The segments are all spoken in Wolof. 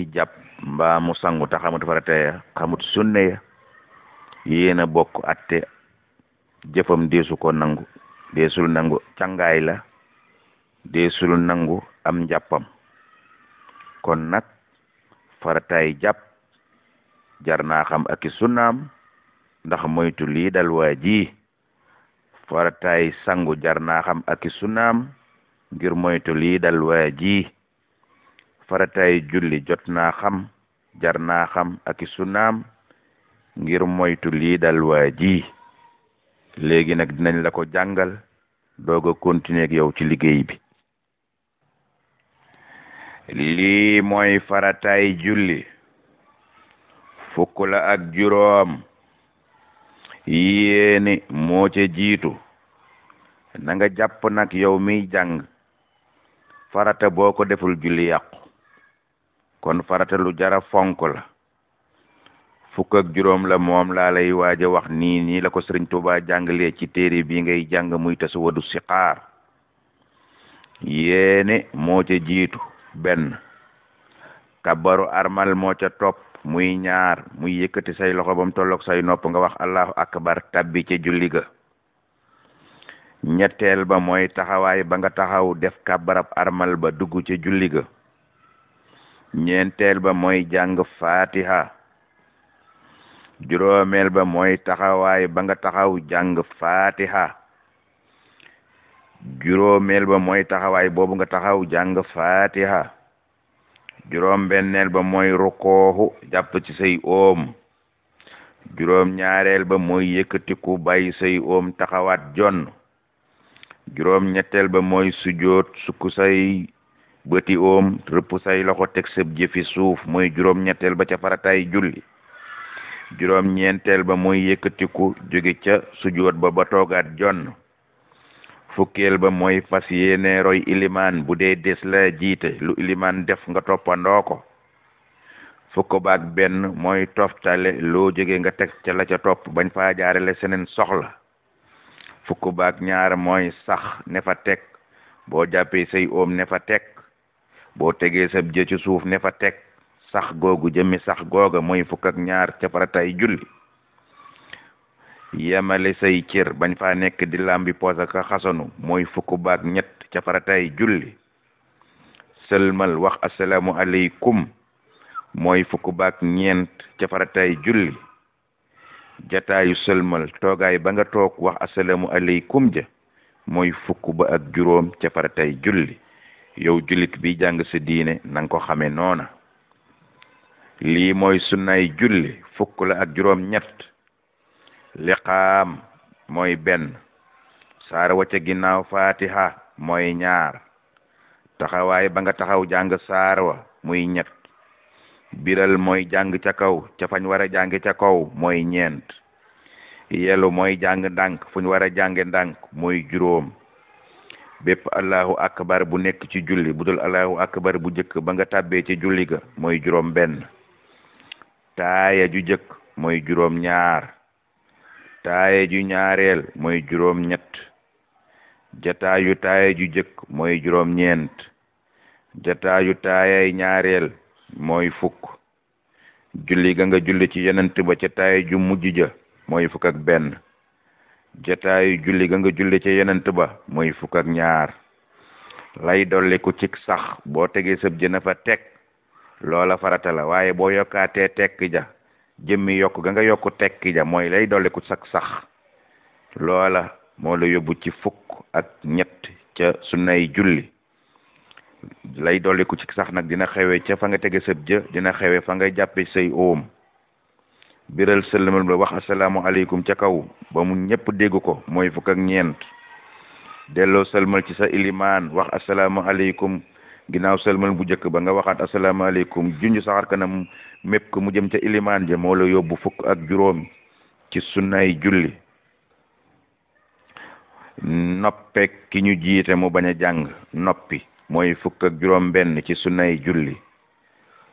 ki jàpp mbaa sangu te xamut farata xamut sunne ya bokk atte jëfam deesu ko nangu deesul nangu cangaay la deesul nangu am njàppam kon nag farataay jàpp jar xam ak i ndax moytu lii dal waa ji farataay sangu jar naa xam ak i ngir moytu lii dal ji faratay julli jot naa xam jar naa xam ak ngir moytu lii dal waa ji léegi nag dinañ la ko jàngal doog a continuer yow ci liggéey bi lii mooy faratay julli fukk la ak juróom yéene moo jiitu nanga nga jàpp nag yow mi jàng farata boo ko deful julli yàqu kon farata lu jara fonk la fukk juróom la moom laa lay waaja wax nii nii la ko sëriñ Tuubaa jàngalee ci téere bii ngay jàng muy tasawadu siqaar yéene moo ca jiitu benn kabaru armal moo ca top muy ñaar muy yëkkati say loxo bam tolloog say nopp nga wax allahu akbar tabbi ca julli ga ñetteel ba mooy taxawaay ba nga taxaw def kabarab armal ba dugg ca julli ga ñeenteel ba mooy jàng fatiha juróomeel ba mooy taxawaay ba nga taxaw jàng fatiha juróomeel ba mooy taxawaay boobu nga taxaw jàng fatiha juróom ba mooy rukooxu jàpp ci say om juróom ñaareel ba mooy yëkkatiku bàyyi say om taxawaat jonn juróom ñetteel ba mooy sujoot sukku say bëti oom rëpp say loxo teg sëb jëfi suuf mooy juróom-ñetteel ba ca farataay julli juróom-ñeenteel ba mooy yëkkatiku jóge ca sujoot ba ba toogaat jonn fukkeel ba mooy fas yéene ilimaan bu dee des la jiite lu ilimaan def nga toppandoo ko fukk baak benn mooy toftale loo jóge nga teg ca la ca topp bañ faa jaarale seneen soxla fukk ñaar mooy sax ne fa teg boo jàppee say oom ne fa teg boo tegee sa jë ci suuf ne fa teg sax googu jëmmi sax googa mooy fukk ak ñaar ca faratay julli yemale say cër bañ fa nekk di lambi poosa ka xasanu mooy fukk baak ñett ca julli sëlmal wax asalaamu ñeent ca faratay julli jataayu ba nga toog wax asalaamu aleykum ja mooy fukk ba ak juróom ca faratay julli yow jullit bi jàng sa diine na nga xamee noona lii mooy sunnaay julli fukk la ak juróom ñett liqaam mooy benn saar wa ca ginnaaw fatiha mooy ñaar taxawaay ba nga taxaw jàng saar muy ñet biral mooy jàng ca kaw ca fañ war a jàng ca kaw mooy ñeent yelu moy jàng ndànk fuñ ñu war a jànge ndànk mooy juróom bépp allahu akbar bu nekk ci julli bu dul allahu akbar bu jëkk ba nga tàbbee ci julli ga mooy juróom benn taaya ju jëkk moy juróom ñaar taaya ju ñaareel mooy juróom ñett jataayu taaya ju jëkk mooy juróom ñeent jataayu taayay ñaareel mooy fukk julli ga nga julli ci yenent ba ca taaya ju mujj ja mooy fukk ak benn jataayu julli ga nga julli ca yonent ba mooy fukk ak ñaar lay dolli ku sax boo tegee sëb jëna fa teg loola farata la waaye boo yokkaatee tekk ja jëmmi yokk ga nga yokku tekki ja mooy lay dolli ku sax sax loola moo la yóbbu ci fukk ak ñett ca sunnay julli lay dolli ku ci sax nag dina xewe ca fa nga tege sëb jë dina xewe fa nga jàppe say oom biral sëlmal ba wax asalaamualeykum ca kaw ba mu ñëpp dégg ko mooy fukk ak ñeent delloo sëlmal ci sa ilimaan wax asalaamualeykum ginnaaw sëlmal bu njëkk ba nga waxaat asalaamualeykum junj saxar kanam mépp ko mu jëm ca ilimaan ja moo la yóbbu fukk ak juróom ci sunnaay julli noppek ki ñu jiite mu bañ a jàng noppi mooy fukk ak juróom benn ci sunnaay julli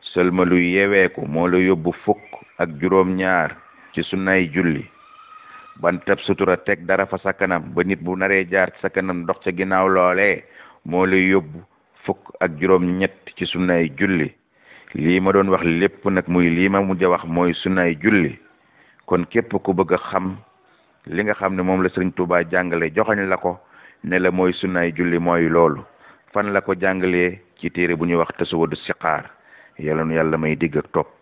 sëlmalu yeweeku moo la yóbbu fukk ak juróom ñaar ci sunnay julli banta sutura teg dara fa sa kanam ba nit bu naree jaar ci sa kanam dox ca ginnaaw loolee moo yóbbu fukk ak juróom ci sunnay julli lii ma doon wax lépp nag muy lii ma mujj a wax mooy sunnay julli kon képp ku bëgg a xam li nga xam ne moom la sëriñ Tuubaa jàngale joxoñ la ko ne la mooy sunnaay julli mooy loolu fan la ko jàngalee ci téere bu ñuy wax tasawudu siqaar yàlla nu yàlla may dégg ak topp